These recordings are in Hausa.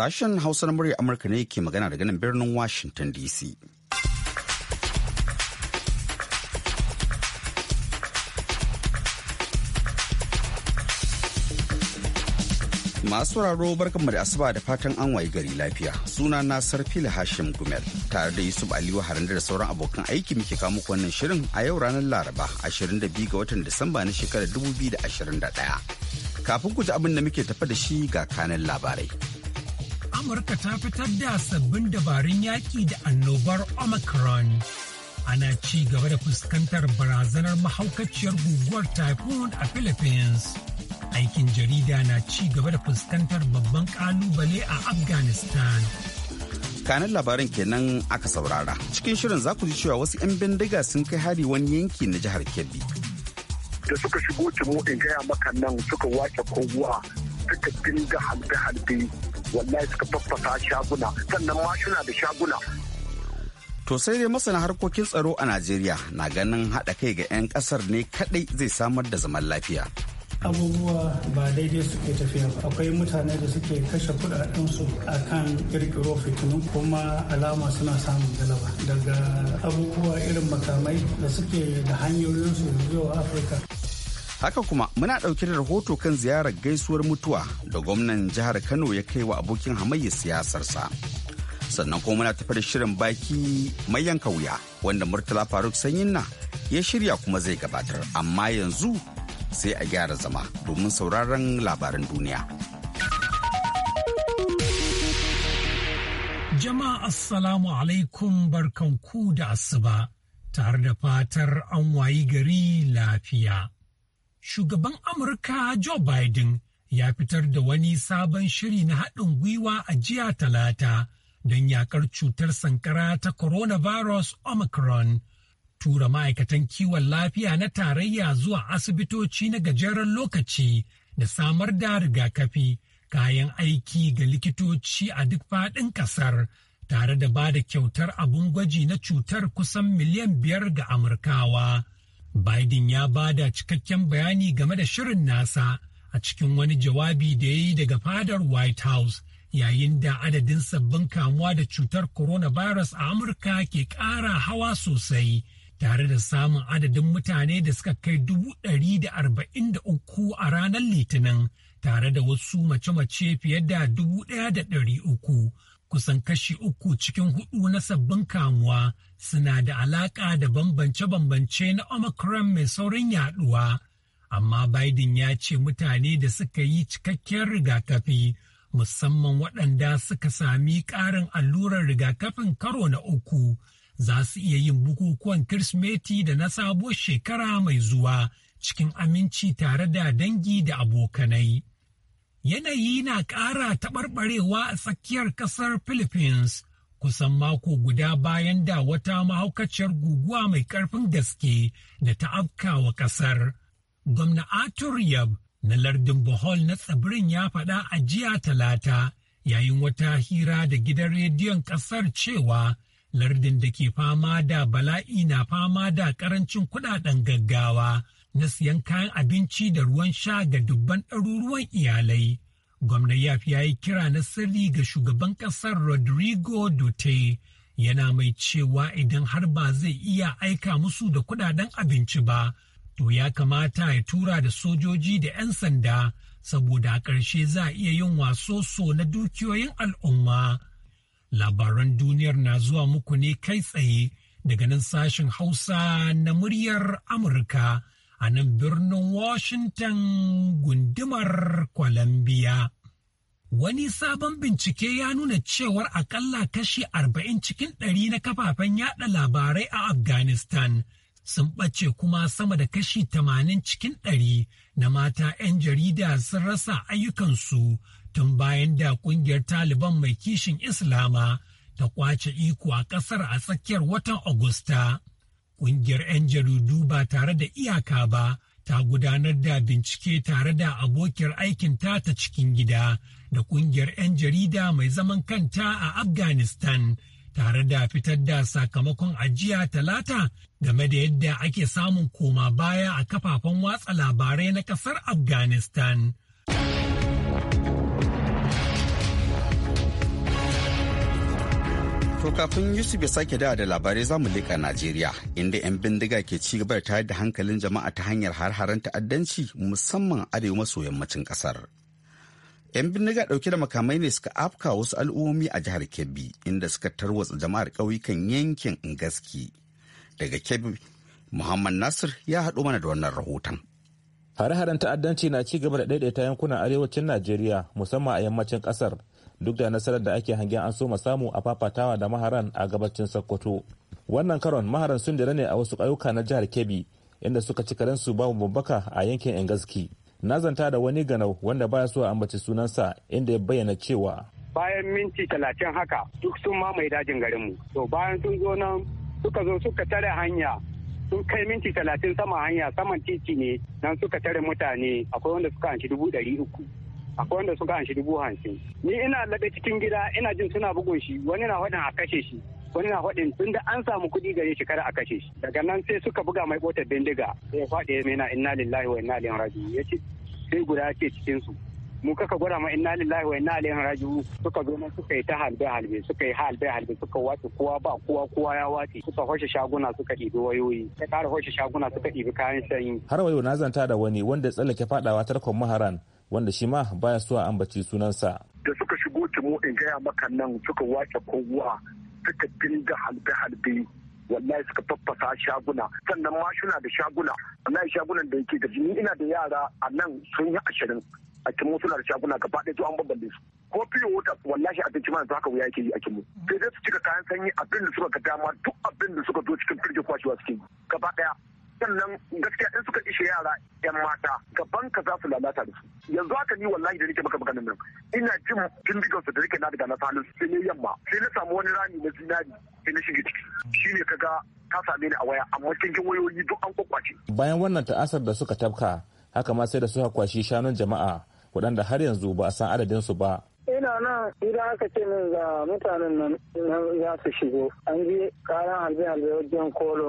Sashen Hausa na murya Amurka ne ke magana daga nan birnin Washington DC. Masu raro barkanmu da asuba da fatan an wayi gari lafiya. Suna na Sarfila Hashim Gumel tare da Yusuf Aliyu harande da sauran abokan aiki muke kawo muku wannan shirin a yau ranar Laraba 22 ga watan Disamba na shekarar 2021. Kafin ku ji abin da muke tafa da shi ga kanan labarai. Amurka ta fitar da sabbin dabarun yaƙi da annobar Omicron. Ana ci gaba da fuskantar barazanar mahaukaciyar guguwar typhoon a Philippines. Aikin jarida na ci gaba da fuskantar babban kalubale a Afghanistan. kanan labaran kenan aka saurara cikin shirin za ku ji cewa wasu 'yan bindiga sun kai hari wani yanki na jihar kebbi da suka shigo cimo in gaya maka nan suka wake kowa suka dinga halbe-halbe wallahi suka faffasa shaguna sannan ma suna da shaguna To sai dai masana harkokin tsaro a Najeriya na ganin haɗa kai ga 'yan ƙasar ne kaɗai zai samar da zaman lafiya. abubuwa ba daidai suke tafiya ba akwai mutane da suke kashe kudadensu a kan kirkiro fitinu kuma alama suna samun galaba daga abubuwa irin makamai da suke da hanyoyinsu zuwa afirka Haka kuma muna ɗauke da rahoto kan ziyarar gaisuwar mutuwa da gwamnan jihar Kano ya kai wa abokin Hamayya siyasarsa. Sannan kuma muna tafi da shirin baki mai yanka wuya wanda Murtala Faruk Sanyinna ya shirya kuma zai gabatar amma yanzu sai a gyara zama domin sauraron labaran duniya. Jama'a Assalamu alaikum barkanku da asuba tare da fatar an wayi gari lafiya. shugaban Amurka Joe Biden ya fitar da wani sabon shiri na haɗin gwiwa a jiya talata don yakar cutar sankara ta coronavirus Omicron. Tura ma'aikatan kiwon lafiya na tarayya zuwa asibitoci na gajeren lokaci da samar da rigakafi kayan aiki ga likitoci a duk faɗin ƙasar tare da ba da kyautar abun gwaji na cutar kusan miliyan biyar ga Amurkawa. Biden ya ba da cikakken bayani game da shirin nasa a cikin wani jawabi da ya yi daga fadar White House yayin da adadin sabbin kamuwa da cutar coronavirus a Amurka ke ƙara hawa sosai tare da samun adadin mutane da suka kai dubu ɗari da arba'in da uku a ranar Litinin tare da wasu mace-mace fiye da dubu ɗaya da ɗari uku kusan kashi uku cikin hudu na sabbin kamuwa suna da alaƙa da bambance-bambance na Omicron mai saurin yaduwa. Amma Biden ya ce mutane da suka yi cikakkiyar rigakafi musamman waɗanda suka sami ƙarin allurar rigakafin karo na uku za su iya yin bukukuwan Kirsimeti da na sabuwar shekara mai zuwa cikin aminci tare da dangi da abokanai. Yanayi na ƙara taɓarɓarewa a tsakiyar ƙasar Philippines kusan mako guda bayan da wata mahaukaciyar guguwa mai ƙarfin gaske da ta afkawa ƙasar. Gwamna Arthur Yab na lardin Bohol na tsibirin ya faɗa a jiya talata yayin wata hira da gidan rediyon ƙasar cewa lardin da ke fama da bala'i na fama da ƙarancin kuɗaɗen gaggawa. na siyan kayan abinci da ruwan sha ga dubban ɗaruruwan iyalai. Gwamnati ya yi kira na sirri ga shugaban ƙasar Rodrigo Duterte yana mai cewa idan har ba zai iya aika musu da kudaden abinci ba, to ya kamata ya tura da sojoji da 'yan sanda saboda a ƙarshe za a iya yin waso so na dukiyoyin al'umma. Labaran duniyar na zuwa muku ne kai tsaye daga nan sashen Hausa na muryar Amurka. a nan birnin Washington gundumar Columbia. Wani sabon bincike ya nuna cewar akalla kashi arba'in cikin ɗari na kafafen yaɗa labarai a Afghanistan sun ɓace kuma sama da kashi tamanin cikin ɗari na mata 'yan jarida sun rasa ayyukansu tun bayan da ƙungiyar Taliban mai kishin Islama ta kwace iko a ƙasar a tsakiyar watan Agusta. Ƙungiyar 'yan jaridu ba tare da iyaka ba ta gudanar da bincike tare da abokiyar aikin ta ta cikin gida da ƙungiyar 'yan jarida mai zaman kanta a Afghanistan tare da fitar da sakamakon ajiya talata game da yadda ake samun koma baya a kafafen watsa labarai na ƙasar Afghanistan. To kafin Yusuf ya sake dawa da labarai zamu leka Najeriya inda 'yan bindiga ke ci gaba da tayar da hankalin jama'a ta hanyar har-haren ta'addanci musamman arewa maso yammacin kasar. 'Yan bindiga ɗauke da makamai ne suka afka wasu al'ummomi a jihar Kebbi inda suka tarwatsa jama'ar kauyukan yankin Ngaski. Daga Kebbi, Muhammad Nasir ya haɗo mana da wannan rahoton. har haren ta'addanci na ci gaba da ɗaiɗaita yankunan arewacin Najeriya musamman a yammacin ƙasar duk da nasarar da ake hangen an soma samu a fafatawa da maharan a gabacin sokoto wannan karon maharan sun dira ne a wasu ƙauyuka na jihar kebbi inda suka ci karensu babu babbaka a yankin engaski na zanta da wani ganau wanda baya so a ambaci sunansa inda ya bayyana cewa bayan minti talatin haka duk sun mamaye dajin garinmu to bayan sun zo nan suka zo suka tare hanya sun kai minti talatin sama hanya saman titi ne nan suka tare mutane akwai wanda suka hanci dubu ɗari uku akwai wanda suka shi dubu hamsin ni ina laɓe cikin gida ina jin suna bugun shi wani na faɗin a kashe shi wani na faɗin tun da an samu kuɗi gare shi kada a kashe shi daga nan sai suka buga mai ɓotar bindiga ya faɗi ya mena inna lillahi wa inna ilaihi raji'un ya ce sai guda ce cikin su mu kaka gwada ma inna lillahi wa inna ilaihi suka zo nan suka yi ta halbe halbe suka yi halbe halbe suka wace kowa ba kowa kowa ya wace suka hoshe shaguna suka ɗibi wayoyi ya ƙara hoshe shaguna suka ɗibi kayan sanyi har wayo na zanta da wani wanda tsallake fadawa tarkon maharan wanda shi ma baya so a ambaci sunansa. Da suka shigo timo in gaya maka nan suka wace kowa suka dinga halbe-halbe wallahi suka faffasa shaguna sannan mashina da shaguna wallahi shagunan da yake gaji ni ina da yara a nan sun yi ashirin a kimo suna da shaguna gaba ɗaya to an babballe su ko fiye wuta wallahi abinci mana haka wuya yake yi a kimo sai dai su cika kayan sanyi abin da suka ga dama duk abin da suka zo cikin firgin kwashewa suke yi gaba ɗaya sannan gaskiya in suka ishe yara yan mata gaban ka za su lalata da su yanzu haka ni wallahi da nake maka maganin nan ina jin bindigar su da nake na daga na su. sai ne yamma sai na samu wani rami na zinari sai na shige ciki shine ga ka same ni a waya amma cikin wayoyi duk an kwakwace bayan wannan ta'asar da suka tafka haka ma sai da suka kwashi shanun jama'a waɗanda har yanzu ba a san adadin su ba ina nan idan aka ce min ga mutanen nan za su shigo an ji kayan halbe halbe wajen kolo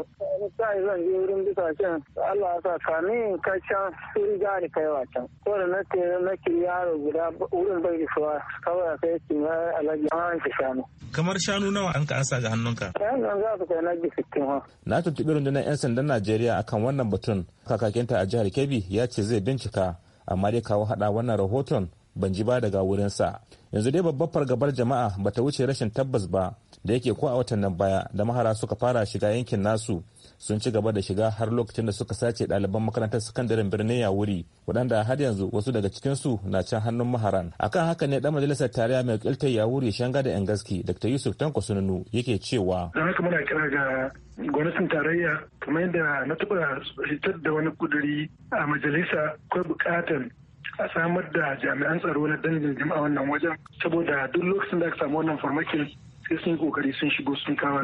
sai zan je wurin can Allah ya sa in ka can sun riga ni wa can ko da nake nake yaro guda wurin bai suwa kawai kai ki ma alaji an ki shanu kamar shanu nawa an ka asa ga hannunka yan nan za su kai na ji sittin ha na tuntuɓi rundunar yan sandan Najeriya akan wannan batun kakakinta a jihar Kebbi ya ce zai bincika amma dai kawo hada wannan rahoton ban ji ba daga wurinsa yanzu dai babbar fargabar jama'a ba ta wuce rashin tabbas ba da yake ko a watan nan baya da mahara suka fara shiga yankin nasu sun ci gaba da shiga har lokacin da suka sace ɗaliban makarantar sakandaren birnin yawuri waɗanda har yanzu wasu daga cikinsu na can hannun maharan akan haka ne ɗan majalisar tarayya mai wakiltar yawuri shanga da yan gaski dr yusuf tanko sununu yake cewa da haka muna kira ga gwamnatin tarayya kamar yadda na taɓa fitar da wani kuduri a majalisa akwai buƙatar a samar da jami'an tsaro na dangin jama'a wannan wajen saboda duk lokacin da aka samu wannan farmakin sai sun yi kokari sun shigo sun kawo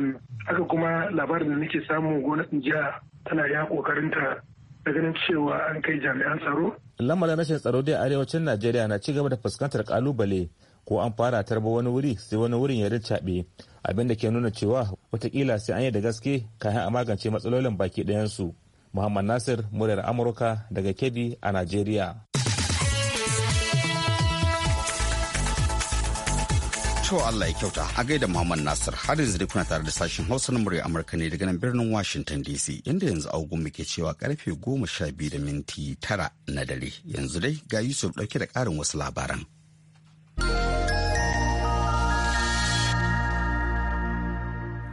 haka kuma labarin da nake samu gwamnatin jiha tana ya ta da ganin cewa an kai jami'an tsaro lamarin rashin tsaro dai arewacin najeriya na ci gaba da fuskantar kalubale ko an fara tarba wani wuri sai wani wurin ya rincaɓe abinda ke nuna cewa watakila sai an yi da gaske kayan a magance matsalolin baki ɗayansu muhammad nasir muryar amurka daga kebbi a najeriya To Allah ya kyauta a gaida Muhammad Nasir har yanzu dai kuna tare da sashen Hausa na murya Amurka ne daga nan birnin Washington DC inda yanzu agogon muke cewa karfe goma sha biyu da minti tara na dare yanzu dai ga Yusuf dauke da karin wasu labaran.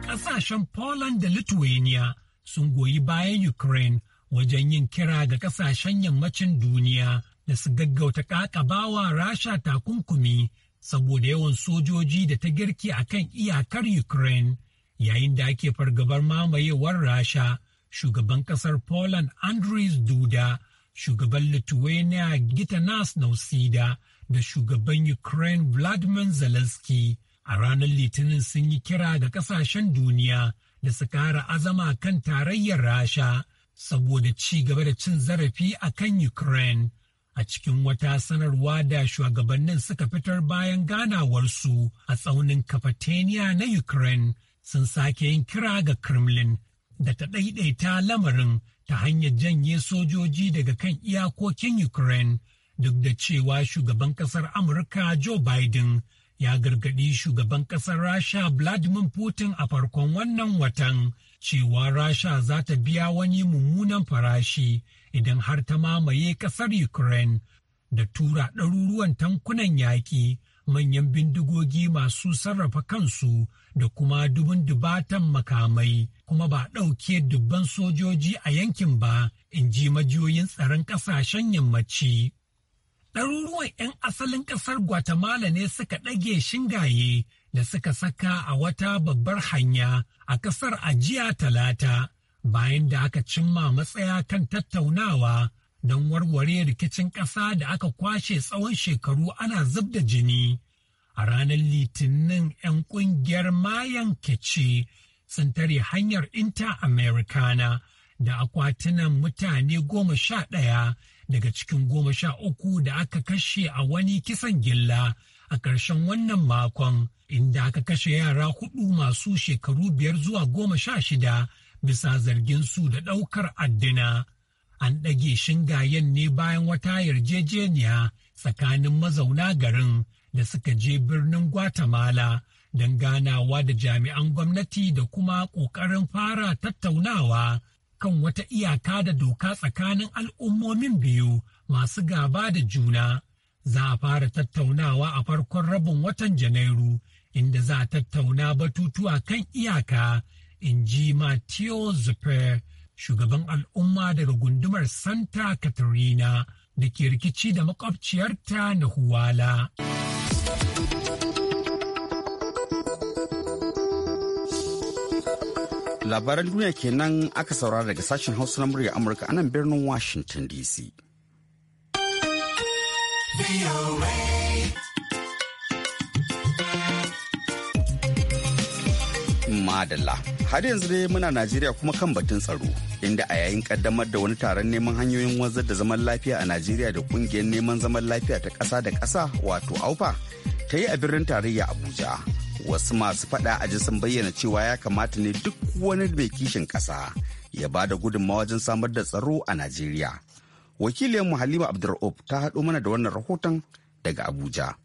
Kasashen Poland da Lithuania sun goyi bayan Ukraine wajen yin kira ga kasashen yammacin duniya da su gaggauta kakabawa rasha takunkumi saboda yawan sojoji da ta girki a kan iyakar Ukraine yayin da ake fargabar mamayewar Rasha, shugaban kasar Poland Andres Duda, shugaban Lithuania Gitanas Nausida da shugaban Ukraine Vladimir Zelensky a ranar Litinin sun yi kira ga kasashen duniya da su kara azama kan tarayyar Rasha saboda ci gaba da cin zarafi a kan Ukraine. a cikin wata sanarwa da shugabannin suka fitar bayan ganawarsu a tsaunin kafatenia na Ukraine sun sake yin kira ga Kremlin da ta ɗaiɗaita lamarin ta hanyar janye sojoji daga kan iyakokin Ukraine duk da cewa shugaban ƙasar Amurka Joe Biden ya gargaɗi shugaban ƙasar Rasha Vladimir Putin a farkon wannan watan cewa Rasha za ta biya wani mummunan farashi idan har ta mamaye ƙasar Ukraine da tura ɗaruruwan tankunan yaƙi manyan bindigogi masu sarrafa kansu da kuma dubin dubatan makamai kuma ba ɗauke dubban sojoji a yankin ba in ji majiyoyin tsaron ƙasashen yammaci. Ɗaruruwan 'yan asalin ƙasar Guatemala ne suka ɗage shingaye da suka saka a wata babbar hanya a ƙasar a jiya talata bayan da aka cimma matsaya kan tattaunawa don warware rikicin ƙasa da aka kwashe tsawon shekaru ana zub da jini. A ranar Litinin 'yan ƙungiyar Mayan Kece sun tare hanyar Inter-Americana da akwatunan mutane goma sha ɗaya daga cikin goma sha uku da aka kashe a wani kisan gilla a ƙarshen wannan makon inda aka kashe yara hudu masu shekaru biyar zuwa goma sha shida bisa zargin su da ɗaukar addina. An ɗage shingayen ne bayan wata yarjejeniya tsakanin mazauna garin da suka je birnin Guatemala don ganawa da jami'an gwamnati da kuma ƙoƙarin fara tattaunawa kan wata iyaka da doka tsakanin al'ummomin biyu masu gaba da juna. Za a fara tattaunawa a farkon rabin watan Janairu inda za a tattauna batutuwa kan iyaka in ji Matteo Zuper, shugaban al'umma daga gundumar Santa Catarina da ke rikici da makwabciyarta na Huwala. Labaran duniya kenan aka saurara daga sashen Hausa na murya Amurka a nan birnin Washington DC. Madalla. har yanzu dai muna najeriya kuma kan batun tsaro inda a yayin kaddamar da wani taron neman hanyoyin wanzar da zaman lafiya a najeriya da kungiyar neman zaman lafiya ta ƙasa da ƙasa wato aufa ta yi a birnin tarayya abuja wasu masu faɗa a sun bayyana cewa ya kamata ne duk wani mai kishin ƙasa ya ba da gudunmawa wajen samar da tsaro a najeriya wakilin halima abdur'ub ta haɗo mana da wannan rahoton daga abuja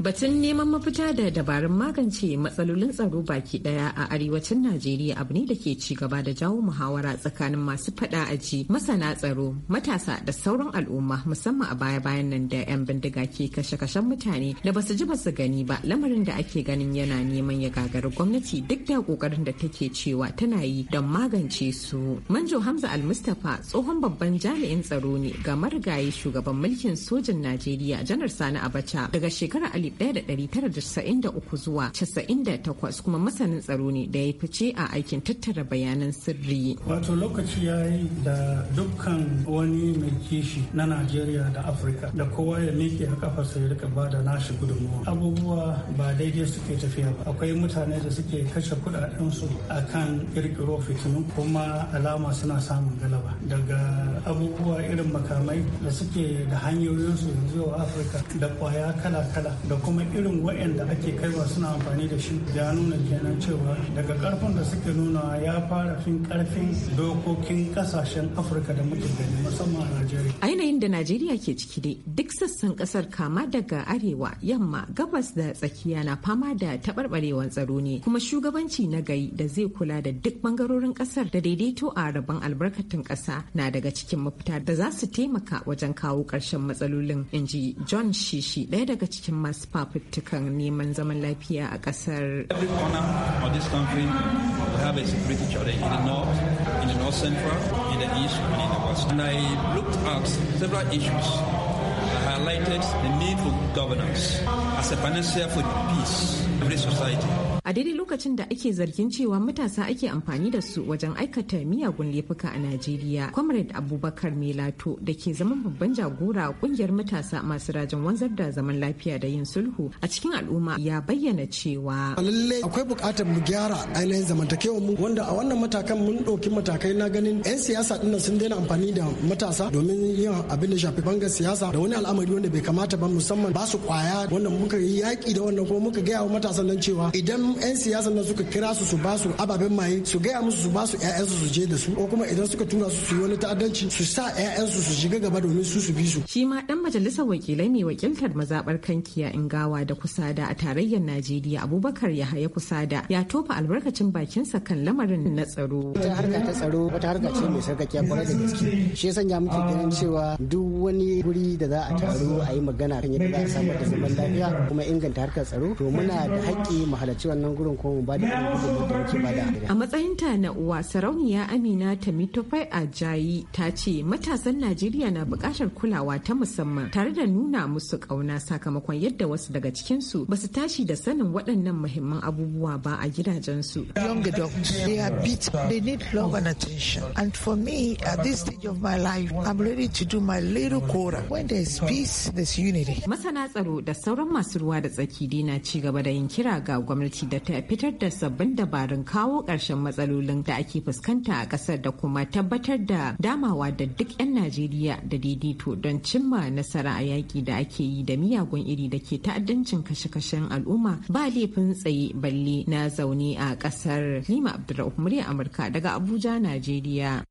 Batun neman mafita da dabarun magance matsalolin tsaro baki daya a arewacin Najeriya abu ne da ke ci gaba da jawo muhawara tsakanin masu fada aji, masana tsaro, matasa da sauran al'umma musamman a baya-bayan nan da 'yan bindiga ke kashe-kashen mutane da basu ji basu gani ba lamarin da ake ganin yana neman ya gagari gwamnati duk da kokarin da take cewa tana yi don magance su. Manjo Hamza Al-Mustapha tsohon babban jami'in tsaro ne ga marigayi shugaban mulkin sojin Najeriya Janar Sani Abacha daga shekarar 1993 zuwa 98 kuma masanin tsaro ne da ya fice a aikin tattara bayanan sirri. Wato lokaci ya yi da dukkan wani mai kishi na Najeriya da Afirka da kowa ya miƙe a kafar ya rika ba da nashi gudunmuwa. Abubuwa ba daidai suke tafiya ba. Akwai mutane da suke kashe kuɗaɗensu a kan ƙirƙiro fitinu kuma alama suna samun galaba. Daga abubuwa irin makamai da suke da hanyoyinsu yanzu a Afirka da ƙwaya kala-kala da kuma irin waɗanda ake kaiwa suna amfani da shi ya nuna kenan cewa daga karfin da suke nuna ya fara fin karfin dokokin kasashen afirka da muke gani musamman a najeriya a yanayin da najeriya ke ciki dai duk sassan kasar kama daga arewa yamma gabas da tsakiya na fama da taɓarɓarewar tsaro ne kuma shugabanci na gari da zai kula da duk bangarorin kasar da daidaito a rabon albarkatun ƙasa na daga cikin mafita da za su taimaka wajen kawo ƙarshen matsalolin in ji john shishi ɗaya daga cikin masu Every corner of this country we have a security challenge in the north, in the north central, in the east, and in the west. And I looked at several issues. I highlighted the need for governance as a panacea for peace in every society. a daidai lokacin da ake zargin cewa matasa ake amfani da su wajen aikata miyagun laifuka a Najeriya. Comrade Abubakar Melato da ke zaman babban jagora a kungiyar matasa masu rajin wanzar da zaman lafiya da yin sulhu a cikin al'umma ya bayyana cewa. Lallai akwai bukatar mu gyara ainihin zamantakewa mu wanda a wannan matakan mun ɗauki matakai na ganin 'yan siyasa ɗin sun daina amfani da matasa domin yin abin da shafi bangar siyasa da wani al'amari wanda bai kamata ba musamman ba su kwaya wanda muka yi yaƙi da wannan kuma muka gaya wa matasan nan cewa idan 'yan siyasa nan suka kira su su ba su ababen maye su gaya musu su ba su 'ya'yansu su je da su ko kuma idan suka tura su su yi wani ta'addanci su sa 'ya'yansu su su shiga gaba domin su su bi su. Shi ma dan majalisar wakilai mai wakiltar mazabar kankiya Ingawa da Kusada a tarayyar Najeriya Abubakar Yahaya Kusada ya tofa albarkacin bakinsa kan lamarin na tsaro. Wata harka ta tsaro wata harka ce mai sarkakiya kwarai da gaske. Shi ya sanya muke ganin cewa duk wani guri da za a taru a yi magana kan yadda za a samar da zaman lafiya kuma inganta harkar tsaro to muna da haƙƙi mu halarci wannan nan gurin ko mu bada a matsayin ta na uwa sarauniya Amina Tamitofai Ajayi ta ce matasan Najeriya na bukatar kulawa ta musamman tare da nuna musu kauna sakamakon yadda wasu daga cikin su basu tashi da sanin waɗannan muhimman abubuwa ba a gidajensu. Young adults, they are beat. They need love Masana tsaro da sauran masu ruwa da tsaki dai na ci gaba da yin kira ga gwamnati da da ta fitar da sabbin dabarun kawo ƙarshen matsalolin da ake fuskanta a ƙasar da kuma tabbatar da damawa da duk 'yan Najeriya da daidaito don cimma nasara a yaƙi da ake yi da miyagun iri da ke ta'addancin kashe-kashen al'umma ba laifin tsaye balle na zaune a ƙasar Lima Abdulrahman murya Amurka daga Abuja, Najeriya.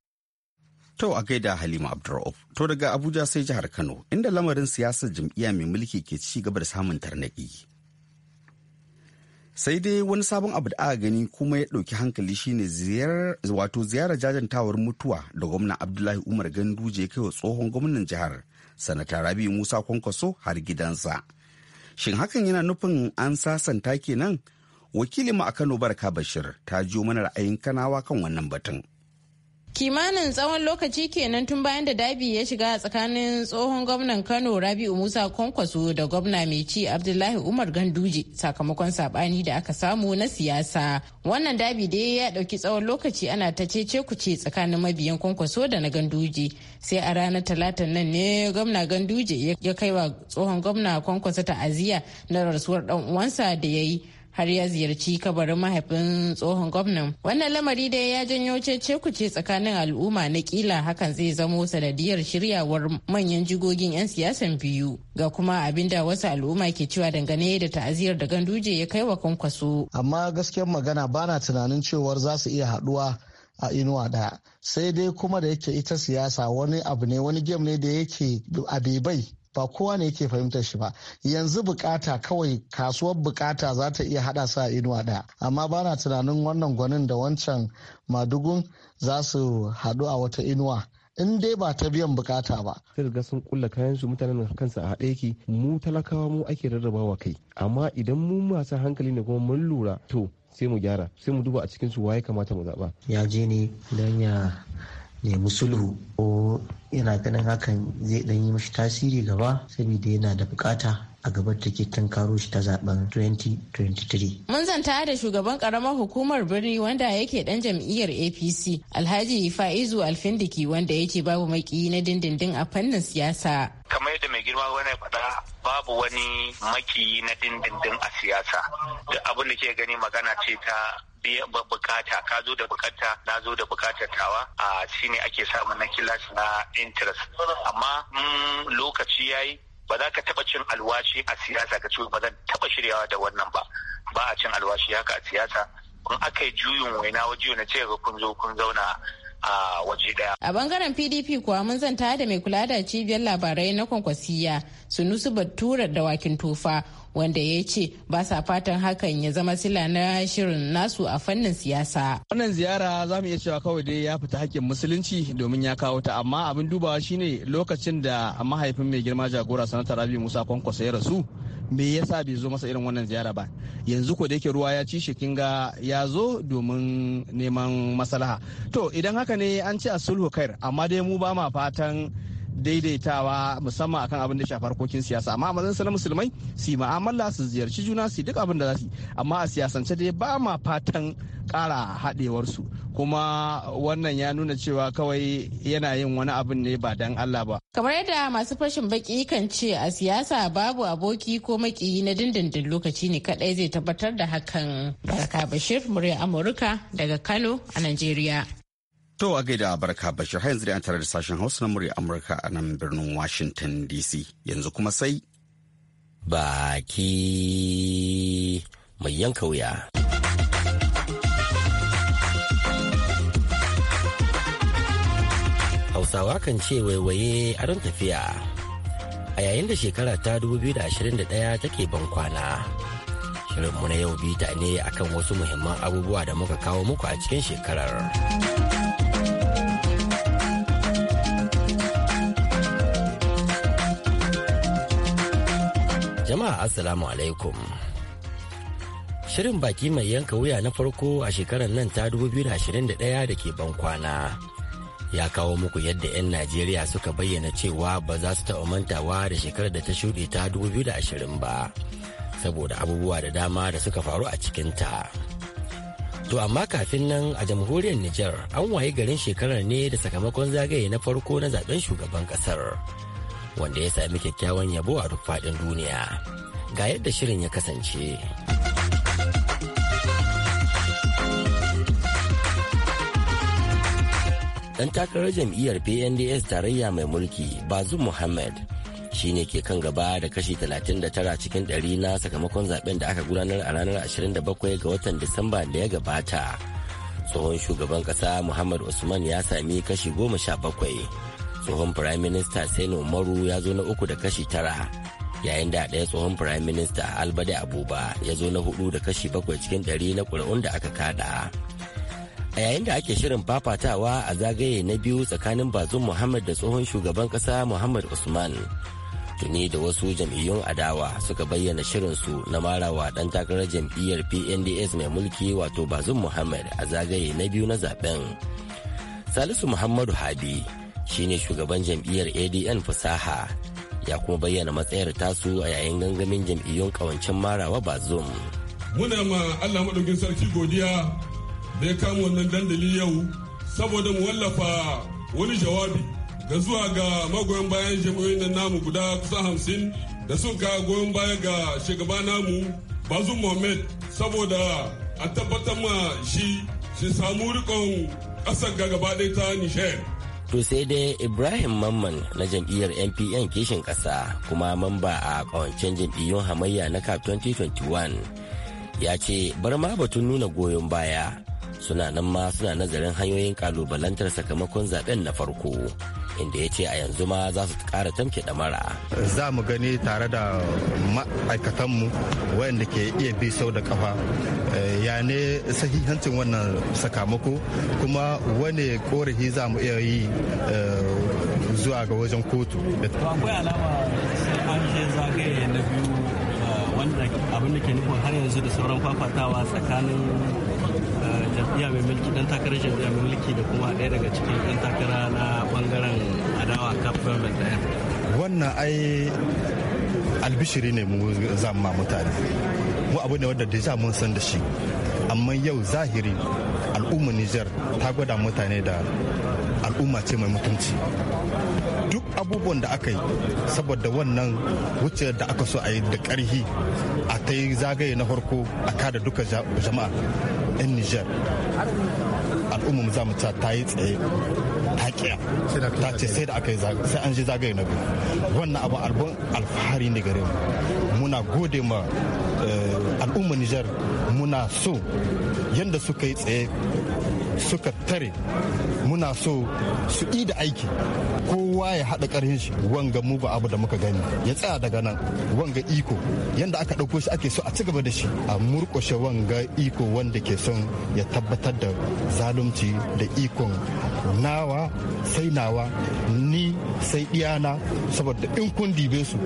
To a gaida Halima Abdur'auf. To daga Abuja sai jihar Kano, inda lamarin siyasar jam'iyya mai mulki ke ci gaba da samun tarnaƙi. sai dai wani sabon abu da aka gani kuma ya ɗauki hankali shine wato ziyarar jajantawar mutuwa da gwamna abdullahi umar ganduje ya kai wa tsohon gwamnan jihar sanata rabi musa kwankwaso har gidansa shin hakan yana nufin an sasanta kenan wakilin mu a kano barka bashir ta jiyo mana ra'ayin kanawa kan wannan batun kimanin tsawon lokaci kenan tun bayan da dabi ya shiga tsakanin tsohon gwamnan kano rabi'u musa kwankwaso da gwamna mai ci abdullahi umar ganduje sakamakon sabani da aka samu na siyasa wannan dabi da ya dauki tsawon lokaci ana ta cece kuce tsakanin mabiyan kwankwaso da na ganduje sai a ranar talata nan ne gwamna ganduje ya kai wa tsohon gwamna kwankwaso ta'aziyya na rasuwar dan uwansa da ya yi har ya ziyarci kabarin mahaifin tsohon gwamnan wannan lamari da ya janyo cece kuce tsakanin al'umma na kila hakan zai zamo sanadiyar shiryawar manyan jigogin 'yan siyasan biyu ga kuma abin da wasu al'umma ke cewa dangane da ta'aziyar da ganduje ya kai wa kwankwaso amma gaskiyar magana bana tunanin cewar za su iya haduwa a inuwa daya sai dai kuma da yake ita siyasa wani abu ne wani game ne da yake a bebai ba kowa ne yake fahimtar shi ba yanzu bukata kawai kasuwar bukata za ta iya hada sa inuwa daya amma ba na tunanin wannan gwanin da wancan madugun za su hadu a wata inuwa in dai ba ta biyan bukata ba. Sai riga sun kulla kayan su mutanen kansa a haɗe yake mu talakawa mu ake rarrabawa kai amma idan mu masu hankali ne kuma mun lura to sai mu gyara sai mu duba a cikin su waye kamata mu zaɓa. Ya je ne don ya nemi sulhu ko yana ganin hakan zai dan yi mashi tasiri gaba saboda yana da bukata a gabar take karo shi ta zaben 2023. Mun zanta da shugaban karamar hukumar birni wanda yake dan jam'iyyar APC Alhaji Fa'izu Alfindiki wanda yake babu maki na dindindin a fannin siyasa. Kamar yadda mai girma wani faɗa babu wani maki na dindindin a siyasa. Duk abin da ke gani magana ce ta bukata ka zo da bukata na zo da bukatar tawa a shine ake samun na kilas na interest amma mm, lokaci ya yi ba za ka taba cin alwashi a siyasa ka ce ba zan taba shiryawa da wannan ba ba a cin alwashi haka a siyasa in aka yi juyin waina waje na ce ga kun zo kun zauna a waje daya. A bangaren PDP kuwa mun zanta da mai kula da cibiyar labarai na kwankwasiya Sunusu Batura da wakin tufa wanda ya ce ba sa fatan hakan ya zama sila na shirin nasu a fannin siyasa. Wannan ziyara za mu iya cewa kawai dai ya fita hakkin musulunci domin ya kawo ta amma abin dubawa shine lokacin da mahaifin mai girma jagora sanata Rabi Musa kwankwasa ya rasu me yasa bai zo masa irin wannan ziyara ba yanzu ko da yake ruwa ya ci shi kinga ya zo domin neman maslaha to idan haka ne an ce a sulhu kair amma dai mu ba ma fatan daidaitawa musamman akan abin da shafi harkokin siyasa amma mazan su musulmai su yi ma'amala su ziyarci juna su duk abin da za su yi amma a siyasance dai ba ma fatan kara haɗewarsu kuma wannan ya nuna cewa kawai yana yin wani abin ne ba dan Allah ba. Kamar yadda masu fashin baki kan ce a siyasa babu aboki ko makiyi na dindindin lokaci ne kadai zai tabbatar da hakan. Barka Bashir, murya Amurka daga Kano a Najeriya. To a gaida barka bashir har yanzu da tare da sashen hausa na murya Amurka a nan birnin Washington DC yanzu kuma sai. Baki mai yanka wuya. Hausawa kan ce waiwaye adon tafiya. A yayin da shekara ta 2021 take ban kwana. Shirinmu na yau bita ne akan wasu muhimman abubuwa da muka kawo muku a cikin shekarar. jama'a assalamu alaikum shirin baki mai yanka wuya na farko a shekarar nan ta 2021 da ke bankwana. ya kawo muku yadda 'yan najeriya suka bayyana cewa ba za su taɓa mantawa da shekarar da ta shuɗe ta 2020 ba saboda abubuwa da dama da suka faru a cikinta to amma kafin nan a jamhuriyar Nijar, an waye garin shekarar ne da sakamakon zagaye na farko na zaben shugaban ƙasar. wanda ya sami kyakkyawan yabo a duk faɗin duniya ga yadda shirin ya kasance ɗan takarar jam'iyyar pnds tarayya mai mulki bazu muhammad shi ne ke kan gaba da kashi 39 cikin 100 na sakamakon zaben da aka gudanar a ranar 27 ga watan disamba da ya gabata tsohon shugaban kasa muhammad usman ya sami kashi 17 tsohon firayiminista sani umaru ya zo na uku da kashi tara yayin da ɗaya tsohon firayiminista albade abuba ya zo na hudu da kashi bakwai cikin ɗari na ƙuri'un da aka kada a yayin da ake shirin fafatawa a zagaye na biyu tsakanin bazum muhammad da tsohon shugaban ƙasa muhammad usman tuni da wasu jam'iyyun adawa suka bayyana shirinsu na marawa dan takarar jam'iyyar pnds mai mulki wato bazum muhammad a zagaye na biyu na zaben salisu muhammadu habi shine shugaban jam'iyyar adn fasaha ya kuma bayyana matsayar tasu a yayin gangamin jam'iyyun kawancin marawa ba bazum muna ma allah maɗaukin sarki godiya da ya kama wannan dandali yau saboda mu wallafa wani jawabi ga zuwa ga magoyan bayan jam'iyyun nan namu guda kusan hamsin da sun ka goyon baya ga shugaba namu bazum mohammed saboda a tabbatar ma shi shi samu rikon ƙasar ga gaba ta nishiyar To sai dai Ibrahim Mamman na jam'iyyar NPN kishin ƙasa kuma mamba a ƙawancen jam'iyyun hamayya na CAP 2021 ya ce bar ma batun nuna goyon baya suna nan ma suna nazarin hanyoyin kalubalantar sakamakon zaben na farko inda ya ce a yanzu ma za su kara tamke damara. za mu gani tare da ma'aikatanmu wayanda ke iya bi sau da kafa eh, ya ne sahihancin wannan sakamako kuma wane korafi za mu iya yi eh, zuwa ga wajen kotu. Eh, wanda abin da ke nufin har yanzu da sauran fafatawa tsakanin iya mai mulki dan takarar jam'iyya mai mulki da kuma ɗaya daga cikin ɗan takara na bangaren adawa cap government ɗaya wannan ai albishiri ne mu zama mutane mu abu ne wanda deja mun san da shi amma yau zahiri al'ummar niger ta gwada mutane da al'umma ce mai mutunci duk abubuwan da aka yi saboda wannan wuce da aka so a yi da karhi a ta yi zagaye na farko a kada duka jama'a 'yan Nijar al'ummar za mu ta ta yi tsaye ta kiya ta ce sai da aka yi sai an ji zagaye na biyu wannan abu alfahari ne gare mu muna gode ma eh, al'umma Nijar muna so yadda suka yi tsaye suka tare muna so su yi da aiki kowa ya haɗa ƙarfin shi wanga mu ba abu da muka gani ya tsaya daga nan wanga iko yadda aka ɗauko shi ake so a ci gaba da shi a murƙushe wanga iko wanda ke son ya tabbatar da zalunci da ikon nawa sai nawa ni sai diyana saboda in kun dibe su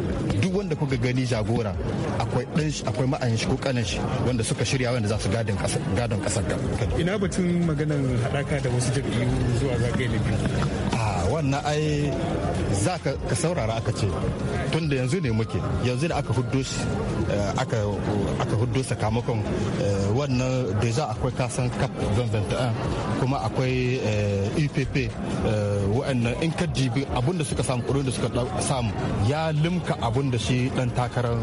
duk wanda kuka gani jagora akwai dan shi akwai ma'ayin shi ko kanin shi wanda suka shirya wanda za su gadon gadon kasar da ina batun maganar hadaka da wasu jam'iyyu zuwa zagaye ne biyu a wannan ai za ka saurara aka ce tunda da yanzu ne muke yanzu da aka huddo Eh, aka hudu sakamakon eh, wannan za akwai kasan cap 2021 kuma akwai epp eh, e wa'annan in ka dibi abinda suka samu kudin da suka samu ya limka abinda shi dan takarar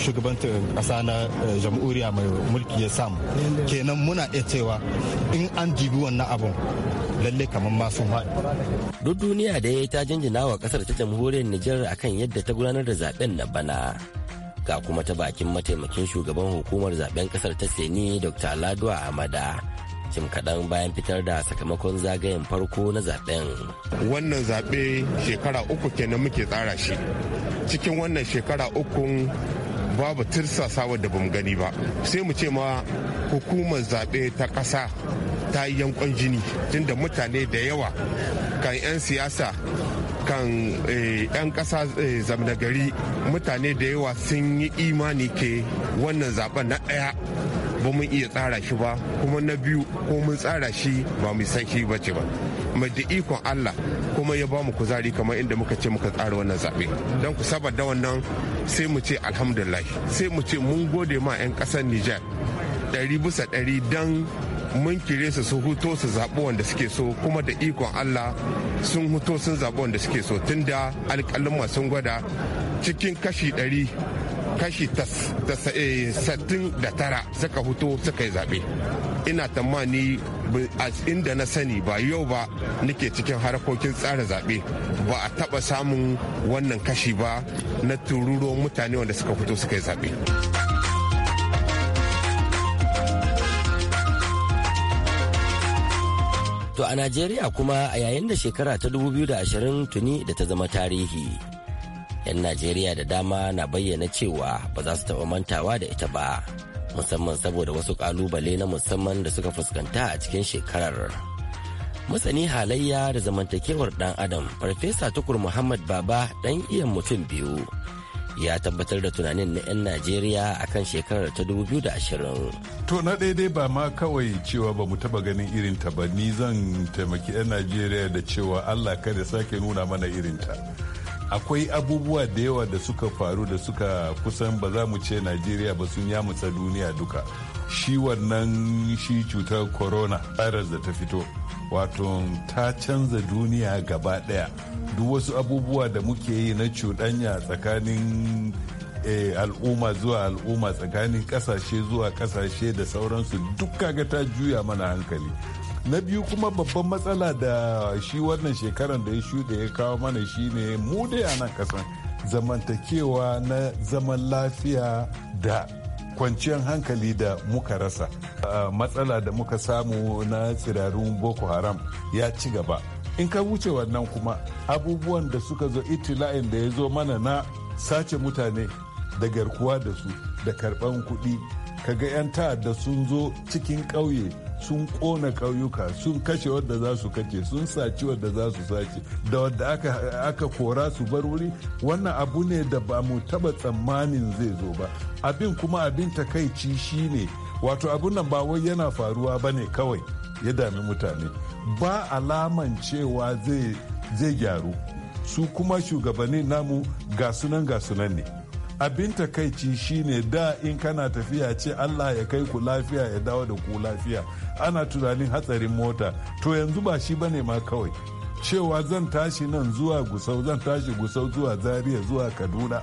shugabantar kasa na jamhuriya mai mulki ya samu kenan muna iya cewa in an dibi wannan abun lalle kamar masu haɗu. duk duniya da ya ta jinjina wa kasar ta jamhuriyar nijar akan yadda ta gudanar da zaben na bana ga kuma ta bakin mataimakin shugaban hukumar zaben kasar ta seni dr aladuwa amada jim kaɗan bayan fitar da sakamakon zagayen farko na zaben. Wannan zaɓe shekara uku kenan muke tsara shi. Cikin wannan shekara uku babu tirsasawa da bamu gani ba. Sai mu ce ma hukumar zaɓe ta ƙasa ta yi yankon jini tunda mutane da yawa kan 'yan siyasa kan eh, 'yan kasa eh, zamana gari mutane da yawa sun yi imani ke wannan zaben na ɗaya ba mu iya tsara shi ba kuma na biyu ko mun tsara shi ba mu san shi ba ce ba mai da ikon Allah kuma ya ba mu kuzari kamar inda muka ce muka tsara wannan zaɓe don ku saboda wannan sai mu ce alhamdulillah sai mu ce mun gode ma 'yan ƙasar Nijar ɗari bisa ɗari don mun kire su su huto su zaɓi wanda suke so kuma da ikon allah sun huto sun zaɓi wanda suke so tunda alƙalin masu gwada cikin kashi ɗari kashi eh, da tara suka huto suka yi zaɓe ina tamani inda na sani ba yau ba nake cikin harkokin tsara zaɓe ba a taɓa samun wannan kashi ba na tururo mutane wanda suka fito suka yi zaɓe. To a Najeriya kuma a yayin da shekara ta 2020 tuni da ta zama tarihi. 'Yan Najeriya da dama na bayyana cewa ba za su taɓa mantawa da ita ba, musamman saboda wasu ƙalubale na musamman da suka fuskanta a cikin shekarar. masani halayya da zamantakewar ɗan adam farfesa tukur muhammad baba ɗan iya mutum biyu ya tabbatar da tunanin na 'yan najeriya kan shekarar ta 2020 to na daidai ba ma kawai cewa ba mu taba ganin irin ta ba ni zan taimaki 'yan najeriya da cewa allah kada sake nuna mana irin ta akwai abubuwa da yawa da suka faru da suka kusan ba za mu ce najeriya ba sun yamutsa duniya duka shi wannan shi cutar corona virus da ta fito wato ta canza duniya gaba daya duk wasu abubuwa da muke yi na cuɗanya tsakanin eh, al'umma zuwa al'umma tsakanin kasashe zuwa kasashe da sauransu duk kaga ta juya mana hankali na biyu kuma babban matsala da shi wannan shekaran da ya shuɗe ya kawo mana shine mu dai a nan kasan zamantakewa na zaman lafiya da kwanciyar hankali da muka rasa matsala da muka samu na tsirarun boko haram ya ci gaba in ka wuce wannan kuma abubuwan da suka zo itila'in da ya zo mana na sace mutane da garkuwa da su da karban kuɗi kaga 'yan ta'adda sun zo cikin ƙauye sun kona ƙauyuka sun kashe wadda za su kace sun saci wadda za su sace da wadda aka, kora su bar wuri wannan abu ne da ba mu taba tsammanin zai zo ba abin kuma abin takaici ne wato abin nan ba wai yana faruwa ba ne kawai ya dami mutane ba alaman cewa zai gyaru su kuma shugabanni namu gasunan gasunan ne abin takaici shine da in kana tafiya ce allah ya kai ku lafiya ya dawo da ku lafiya ana tunanin hatsarin mota to yanzu ba shi bane ma kawai cewa zan tashi nan zuwa gusau zan tashi gusau zuwa zaria zuwa kaduna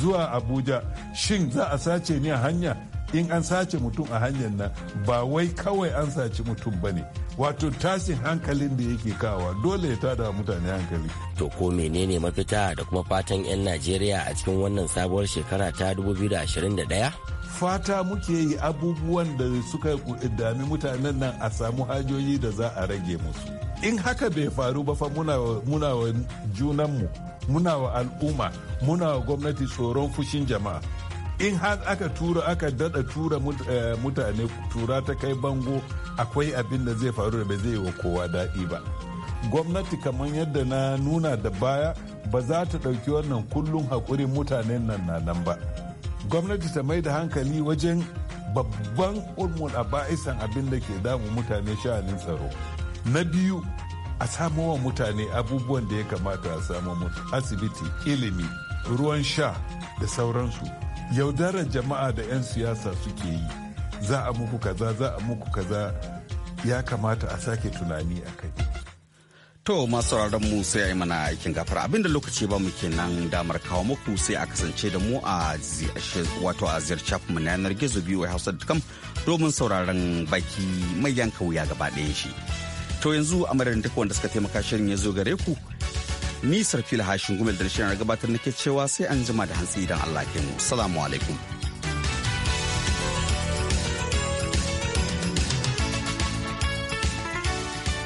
zuwa abuja shin za a sace ni a hanya in an sace mutum a hanyar nan ba wai kawai an sace mutum ba ne wato tashin hankalin da yake kawa dole ya tada mutane hankali to ko menene mafita da kuma fatan 'yan najeriya a cikin wannan sabuwar shekara ta 2021 fata muke yi abubuwan da suka dami mutanen nan a samu hajoyi da za a rage musu in haka bai faru ba fa muna wa junanmu muna wa al'umma muna wa gwamnati tsoron fushin jama'a in har aka tura aka dada tura eh, mutane tura ta kai bango akwai abin da zai faru da bai zai wa kowa daɗi ba gwamnati kamar yadda na nuna da baya ba za ta ɗauki wannan kullum haƙurin mutanen nan na nan ba gwamnati ta mai da hankali wajen babban ulmul ba'isan abin da ke damu mutane sha'anin tsaro na biyu a samo wa mutane abubuwan da ya kamata a samu asibiti ilimi ruwan sha da sauransu yaudarar jama'a da 'yan siyasa suke yi za a muku kaza za a muku kaza ya kamata a sake tunani a kai To masu mu sai a yi mana aikin gafara abinda lokaci ba mu kenan damar kawo muku sai a kasance da mu a wato a ziyarci mu na yanar gizo biyu a hausa.com domin sauraron baki mai yanka wuya gaba ɗayan shi. To yanzu a madadin duk wanda suka taimaka shirin ya zo gare ku Nisar sarfila hashin gumel da na gabatar nake cewa sai an jima da hantsi idan Allah ke mu. Salamu alaikum.